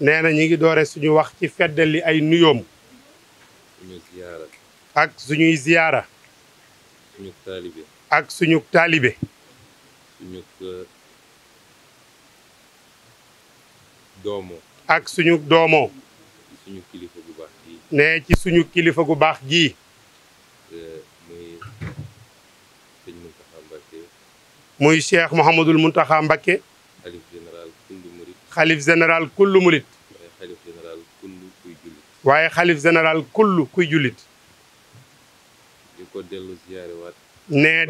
nee na ñi ngi doore suñu wax ci feddali ay nuyoom ak suñuy ziyaara ak suñu taalibe ak suñu doomoo nee ci suñu kilifa gu baax gii muy Cheikh Mouhamadul Mountakha Mbacké xalif général kullu murit waaye général kullu kuy jullit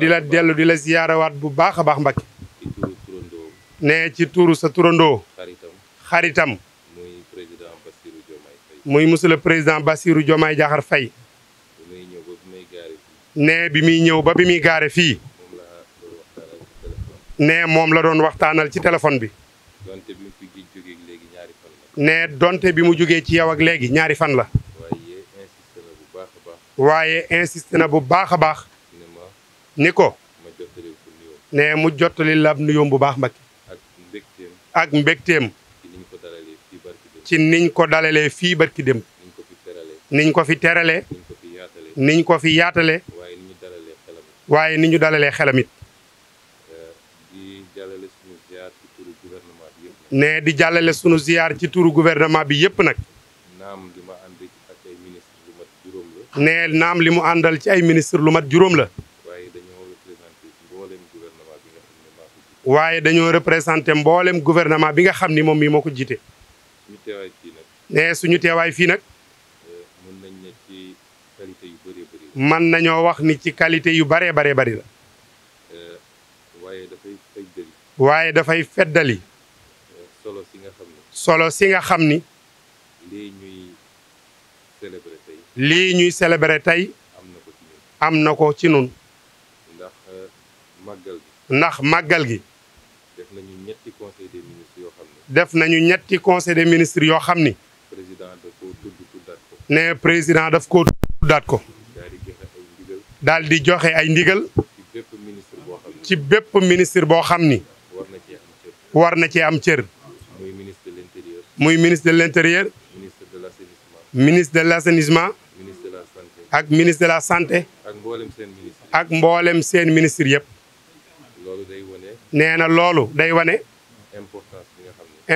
di la dellu di la ziyaarewaat bu baax a baax Mbàkke nee ci tuuru turandoo xaritam muy monsieur le président basiiru Diomaye Diakhar fay nee bi muy ñëw ba bi muy gaare fii nee moom la doon waxtaanal ci téléphone bi ne donte bi mu jógee ci yow ak léegi ñaari fan la waaye insisté na bu baax a baax ni ko ne mu jottali la nuyoom bu baax Mbacke ak mbégteem ci niñ ko dalalee fii barki dem niñ ko fi teralee niñ ko fi yaatale waaye ni ñu dalalee xelam ne di jàllale sunu ziyaar ci turu gouvernement bi yépp nag. naam li ne naam li mu àndal ci ay ministre lu mat juróom la. waaye dañoo représenté mboolem gouvernement bi nga xam bi nga xam ni moom mii moo ko jiite. suñu ne suñu teewaay fii nag. Eh, mën nañ nañoo wax ni ci qualité yu bëree bëree bari la. waaye eh, waaye dafay feddali. solo si nga xam ni lii ñuy célébrer tey am na ko ci nun euh, ndax màggal gi def nañu ñetti conseil des ministres yoo xam ni def président daf ko tudd ko ne président daf ko tuddaat ko daal di joxe ay ndigal ci bépp ministre boo xam ni war na cee war na cee am cër muy ministre de l' intérieur ministre de l' assainissement ak ministre de la santé ak mboolem seen ministre yëpp nee na loolu day wane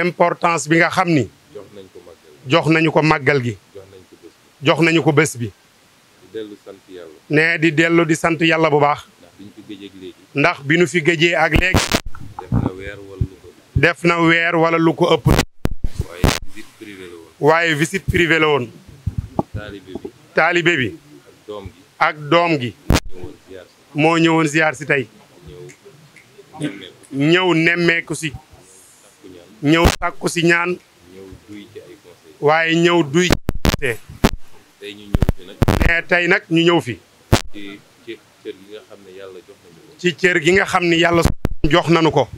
importance bi nga xam ni jox nañu ko màggal gi jox nañu ko bés bi nee di dellu di sant yàlla bu baax ndax bi nu fi géjee ak léegi def na weer wala lu ko ëpp waaye visite privée la woon. taalibe bi. ak doom gi. moo ñëwoon ziar si tey. ñëw nemmeeku si. ñëw sàkku si ñaan. waaye ñëw duy ci tey nag ñu ñëw fi. ci cër gi nga xam ni yàlla jox nañu ko.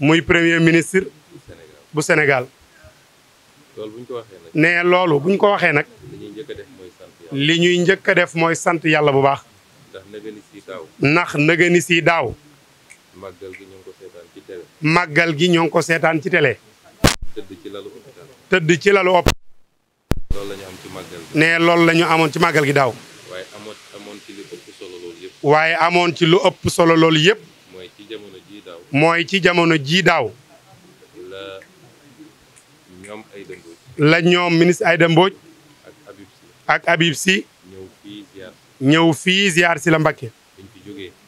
muy premier ministre. bu Sénégal. ne loolu bu ñu ko waxee nag li ñuy njëkk def mooy sant yàlla bu baax ndax nëga si daaw màggal gi ñoo ko seetaan ci télé gi ñoo ngi ko seetaan ci télé tëdd ci lalu hôpital tëdd ci lalu am ci ne loolu la amoon ci màggal gi daaw waaye amoon ci lu ëpp solo loolu yëpp waaye amoon ci lu ëpp solo loolu yëpp mooy ci jamono jii daaw mooy la ñoom ministre Aïda Mbodj ak Habib Sy ñëw fii ziar si la Mbacké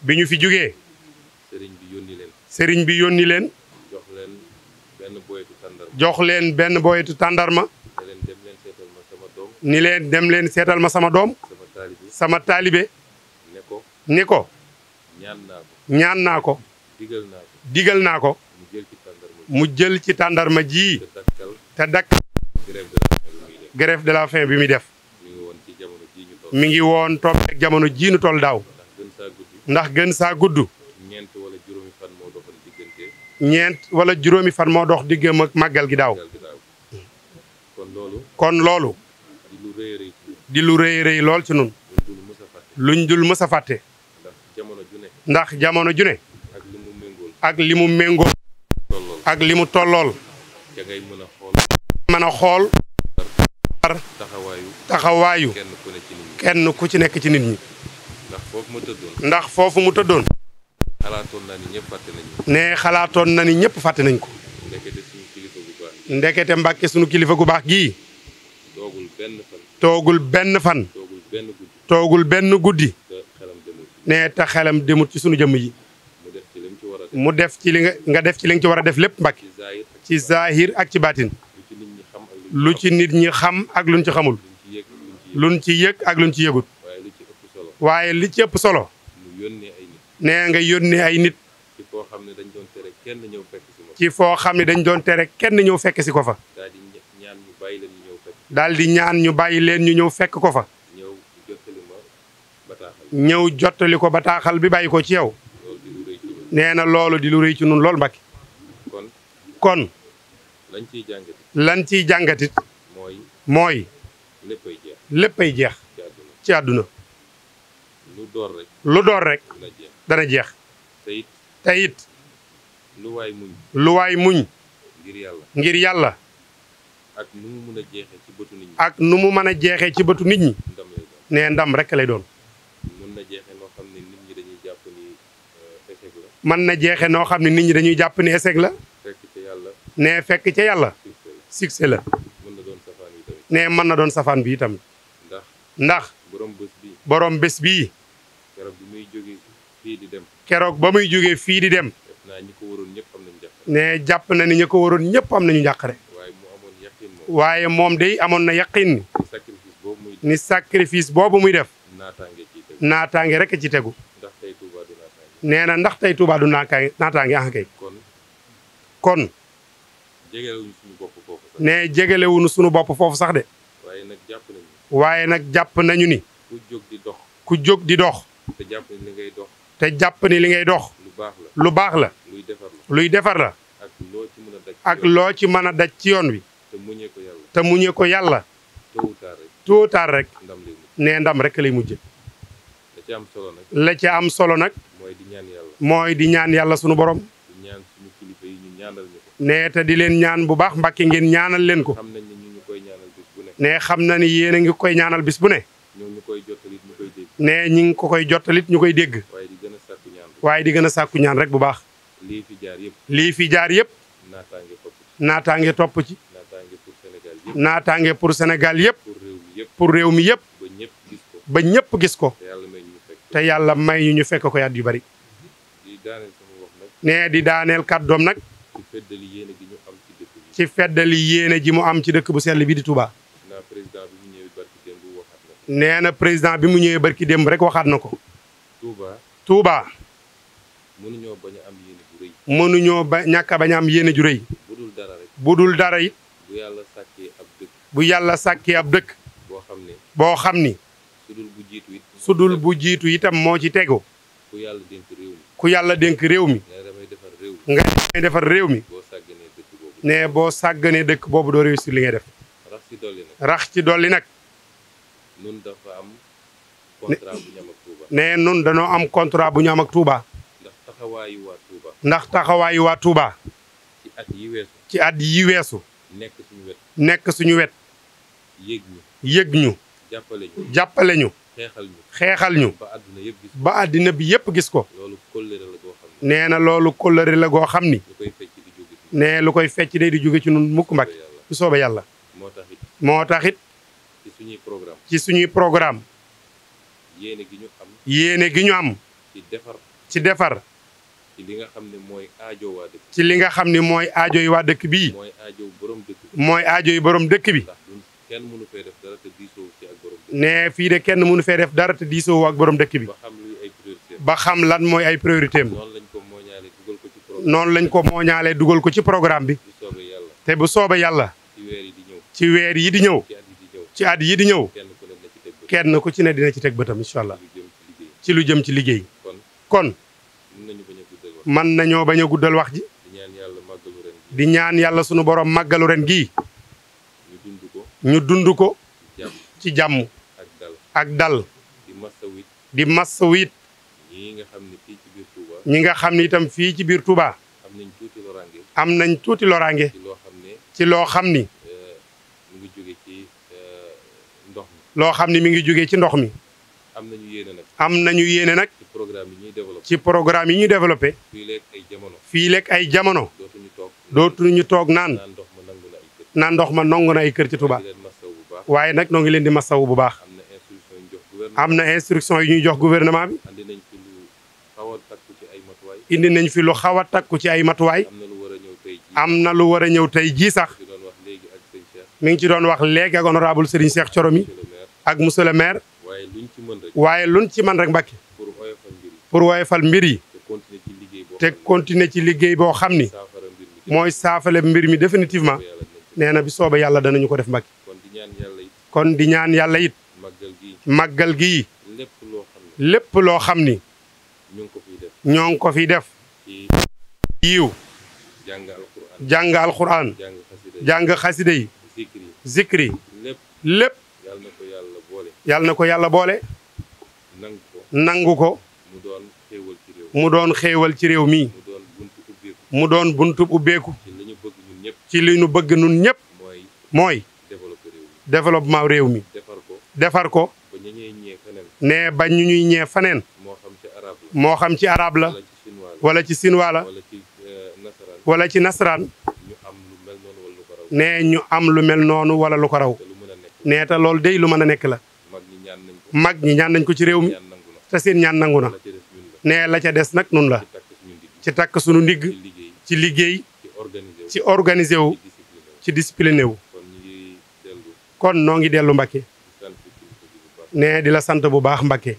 bi ñu fi jógee sëriñ bi yónni leen sëriñ leen jox leen benn boyetu tàndarma jox ni leen dem leen seetal ma sama doom sama taalibe ne ko ni ko ñaan naa ko digal naa ko mu jël ci tàndarma ji te dakkal grève de la faim bi muy def mi ngi woon topp ak jamono jii nu toll daaw ndax gën saa gudd ñeent wala juróomi fan moo dox diggam ak màggal gi daaw kon loolu di lu rëy rëy lool ci nun luñ dul mës a fàtte ndax jamono ju ne ak li mu méngool ak li mu tollool mën a xool taxawaayu kenn ku ci nekk ci nit ñi ndax foofu mu tëddoon ne xalaatoon na ni ñëpp fàtte nañ ko ndekete mbàkke sunu kilifa gu baax gii toogul benn fan toogul benn guddi ne te xelam demut ci sunu jëm yi mu def ci li nga nga def ci li nga ci war a def lépp mbàkke ci zahir ak ci baatin lu ci nit ñi xam ak luñ ci xamul luñ ci yëg ak luñ ci yëgut waaye li ci ëpp solo nee nga yónnee ay nit ci foo xam ne dañ doon tere kenn ñëw fekk ci foo xam ne dañ doon tere kenn ñëw fekk si ko fa daal ñaan ñu bàyyi leen ñu ñëw fekk ko fa ñëw jottali ma bataaxal ñëw ko bataaxal bi bàyyi ko ci yow nee na loolu di lu rëy ci nun lool Mbàkke kon lañ ciy jàngatit. lañ ciy jàngatit. mooy. mooy. léppay jeex. ci àdduna. lu door rek. dana jeex. te it. lu waay muñ. waay muñ. ngir yàlla. ngir yàlla. ak nu mu mën a jeexee ci bëtu nit ñi. ak nu mu mën a jeexee ci bëtu nit ñi. ndam lay ndam rek lay doon. mën na jeexee euh, mën na jeexee noo xam ne nit ñi dañuy jàpp ni la. ne fekk ca yàlla succès la ne mën na doon safaan bi itam ndax borom bés bii keroog ba muy jóge fii di dem ne jàpp na ni ña ko waroon ñëpp am nañu njàqare waaye moom day amoon na yaqin ni sacrifice boobu muy def naataange rek ci tegu nee na ndax tey Tuubaa du naataange ah kay kon jegelewuñu suñu bopp foofu suñu bopp foofu sax de. waaye nag jàpp nañu. waaye nag jàpp nañu ni. ku jóg di dox. te jàpp ni li ngay dox. te jàpp ni li ngay dox. lu baax la luy defar la ak loo ci mën a daj. ci yoon wi. te muñee ko yàlla. te muñee ko yàlla. tôt tard rek. tôt tard ndam lay rek lay mujj. la ca am solo nag. solo nag. mooy di ñaan yàlla. sunu borom. nee te di leen ñaan bu baax Mbàkke ngeen ñaanal leen ko. xam nañ ne nee xam na ni yéen a ngi koy ñaanal bis bu ne. ñoo ngi ñu nee ñi ngi ko koy jottalit ñu koy dégg. waaye di gën a sàkku ñaan. rek bu baax. lii fi jaar yëpp. naataange topp ci. naataange pour senegal yëpp. pour réew mi yëpp. ba ñëpp gis ko. te yàlla may ñu ñu fekk ko yàt yu bari. nee di daaneel kàddoom nag ci feddali yéene ci dëkk bi. ci ji mu am ci dëkk bu sell bi di Touba. nee na président bi mu ñëwee barki démb rek waxaat na ko. Touba. Touba. mënuñoo bañ a ba ñàkk a a am ju rëy. budul dara rek. dara it. bu yàlla sàkkee ab dëkk. bu yàlla boo xam ni. boo xam bu jiitu itam moo ci tegu. ku yàlla dénk réew mi. nga ngay defar réew mi boo sàgganee dëkk boobu doo réussir li ngay def rax ci nag ne dañoo am contrat bu ñu am ak Touba ndax taxawaayu waa Touba ci at yi weesu nekk suñu wet yëg ñu jàppale ñu xeexal ñu ba àddina bi yépp gis ko nee na loolu kóllëre la goo xam ni nee lu koy fecc day di jóge ci nun mukk mbag bu sooba yàlla moo taxit ci suñuy programme ci suñuy programme yéene gi ñu am yéene ci defar ci li nga xam ne mooy ajo ci li nga xam ne mooy aajo yi waa dëkk bii mooy ajo yi borom dëkk bi kenn mënu fee def dara te fii de kenn mënu fee def dara te diisoo ak borom dëkk bi ba xam lan mooy ay priorité am noonu lañ ko mooñaalee dugal ko ci programme bi te bu soobee yàlla ci weer yi di ñëw ci at yi di ñëw kenn ku ci ne dina ci teg bëtam incha allah ci lu jëm ci liggéey kon mën nañoo bañ a guddal wax ji di ñaan yàlla sunu boroom màggalu ren gii ñu dund ko ci jàmm ak dal di masawit ñii nga ñi nga xam ni itam fii ci biir Touba. am nañ tuuti loraange. ci loo xam ni. ci loo xam ni. mi ngi jóge ci euh, ndox mi. xam ni mi ngi jóge ci ndox mi. am nañu yéene am nañu yéene nag. ci programme yi ñuy développé. ci fii lekk ay jamono. fii lekk ay jamono. toog dootuñu toog naan. naan ndox ma nangu na ay kër ci Touba. waaye nag noo ngi leen di masawu bu baax. am na instruction yi ñuy jox gouvernement bi. indi nañu fi lu xaw a takku ci ay matuwaay am na lu war a ñëw tey jii sax mu ngi ci doon wax léegi ak honorable Serigne Cheikh Coromi ak monsieur le maire waaye luñ ci man rek Mbàkke pour woyofal mbir yi te continuer ci liggéey boo xam ni mooy saafale mbir mi définitivement nee na bi soobe yàlla danañu ko def Mbàkke kon di ñaan yàlla it màggal gi lépp loo xam ni ñoo ngi ko fi def yiw jàng alxuraan jàng xasida yi zikri lépp yal na ko yàlla boole nangu ko mu doon xéewal ci réew mi mu doon bunt ubbeeku ci li ñu bëgg nun ñëpp mooy développement réew mi defar ko ne ba ñu ñuy ñee faneen moo xam ci arab la wala ci sinwaa la wala ci euh, nasaraan nee ñu am lu mel noonu wala lu ko raw nee te loolu day lu mën a nekk la mag ñi ñaan nañ ko ci réew mi te seen ñaan nangu na nee la ca des nag nun la ci takk sunu ndigg ci liggéey ci organiser wu ci discipliné wu kon noo ngi dellu Mbakke nee di la sant bu baax Mbakke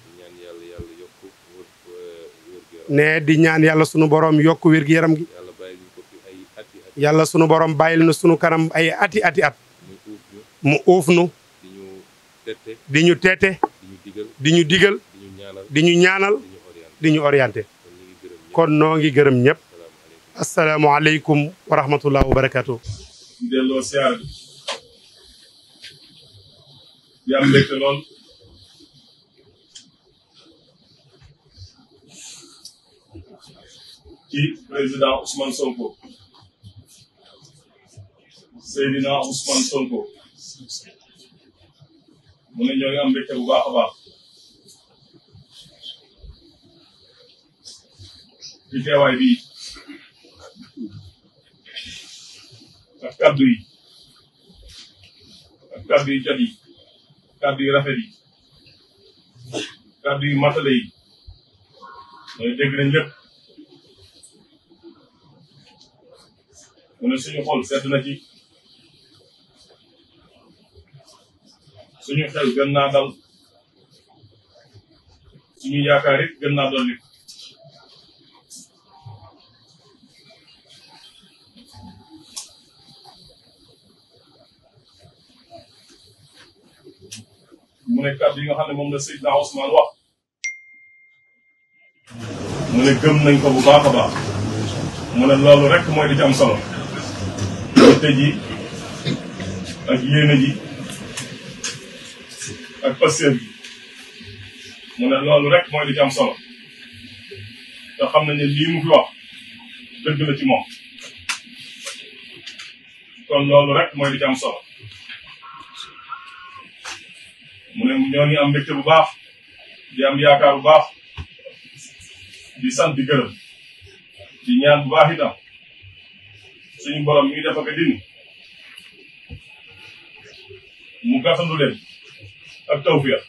ne di ñaan yàlla sunu boroom yokk wér-gu-yaram gi yàlla sunu borom bàyyil na sunu kanam ay ati ati at mu uuf nu di ñu teete di ñu digal di ñu ñaanal di ñu orienté kon noo ngi gërëm ñëpp asalaamualeykum wa rahmatullah wa barakatuh delloo lool ci président Ousmane Sonko Seydina Ousmane Sonko mu ñoo ngi am mbégte bu baax baax ci teewaay bi ak kaddu yi ak kaddu yu jot yi kaddu yu rafet yi kaddu yu matale yi mooy dégg nañ mu ne suñu xol sedd na ci suñu xel gën naa dal suñu yaakaar it gën naa dolli mu ne kàddu yi nga xam ne moom la Seydina Ousmane mu ne gëm nañ ko bu baax baax mu ne loolu rek mooy di ci am solo volonté ji ak yéene ji ak pasteur mu ne loolu rek mooy li ci am solo te xam fi wax dëgg kon loolu rek mooy li ci am solo mu ne am mbégte bu baax di am yaakaar bu baax di sant di gërëm di ñaan bu baax itam suñu borom mi dafa ko mu gàttandu leen ak tawfiq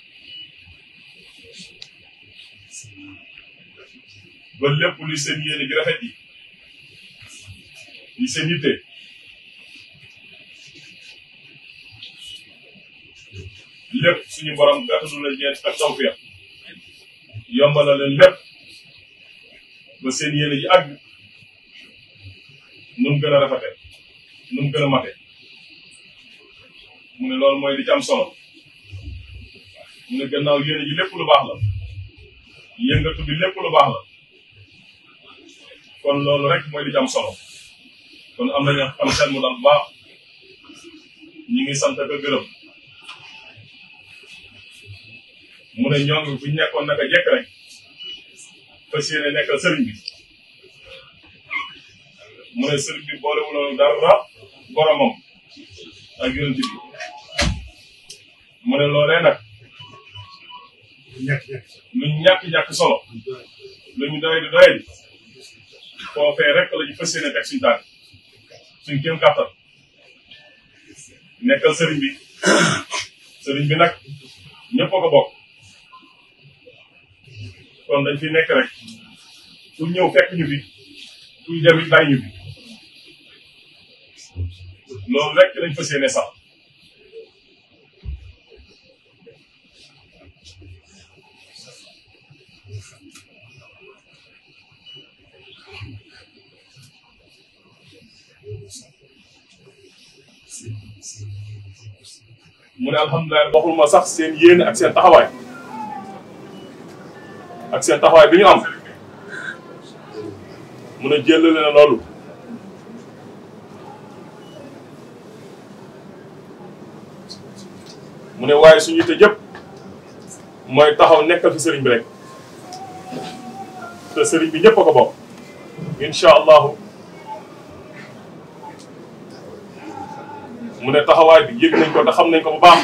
ba lépp li seen yéene gi rafet yi lépp suñu borom gàttandu leen yéen ak tawfiq yombal na lépp ba seen yéene ji nu mu a rafete nu mu a mate mu ne loolu mooy li ci am solo mu ne gannaaw yéene ji lépp lu baax la yëngatu bi lépp lu baax la kon loolu rek mooy li ci solo kon am nañu am xel mu dal baax ñi ngi sant ak gërëm mu ne ñoom bu ñu nekkoon naka jekk rek fas yéene nekkal sëriñ bi mu ne sëriñ bi boolewuloon dara boromam ak yonent bi mu ne loolee nag lu ñàkk-ñàkk solo lu ñu doy di doy di foofee rek la ñu fas yéene teg suñu tànk suñu kéem kàttan nekkal sëriñ bi sëriñ bi nag ñëpp bokk kon dañ fi nekk rek ku ñëw fekk ñu fi kuy dem it ñu fi loolu rek lañ fas yéene sax mu ne alhamdulilah waxul ma sax seen yéen ak seen taxawaay ak seen taxawaay bi ñu am mu ne jëlale na loolu mu ne waaye suñu yitte jëpp mooy taxaw nekk fi sëriñ bi rek te sëriñ bi ñëpp a ko bokk incha allahu mu ne taxawaay bi yëg nañ ko te xam nañ ko baax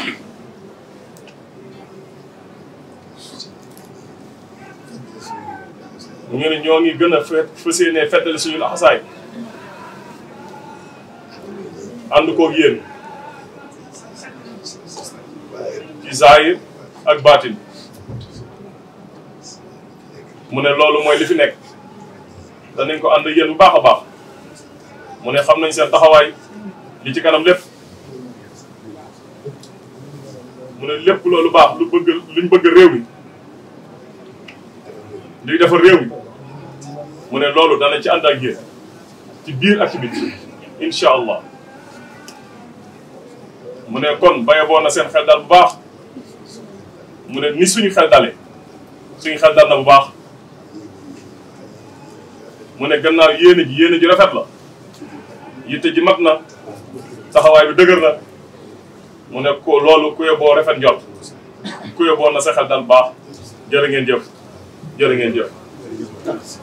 mu ngi ne ñoo ngi gën a fas yéene feddali suñu laxasaay ànd koo yéen zahir ak baatin mu ne loolu mooy li fi nekk danañ ko ànd yéen bu baax a baax mu ne xam nañ seen taxawaay li ci kanam lépp mu ne lépp loolu baax lu bëgg luñ bëgg réew mi luy defar réew mi mu ne loolu danañ ci ànd ak ci biir ak ci biti incha mu ne kon bayaboo na seen xel daal bu baax mu ne ni suñu xel dale suñu xel dal na bu baax mu ne gannaaw yéene ji yéene ji rafet la yitte ji mat na saxawaay bi dëgër na mu ne ko loolu ku yóbboo rafet njort ku yóbboo na sa xel dal baax jërë ngeen jëf jërë ngeen jëf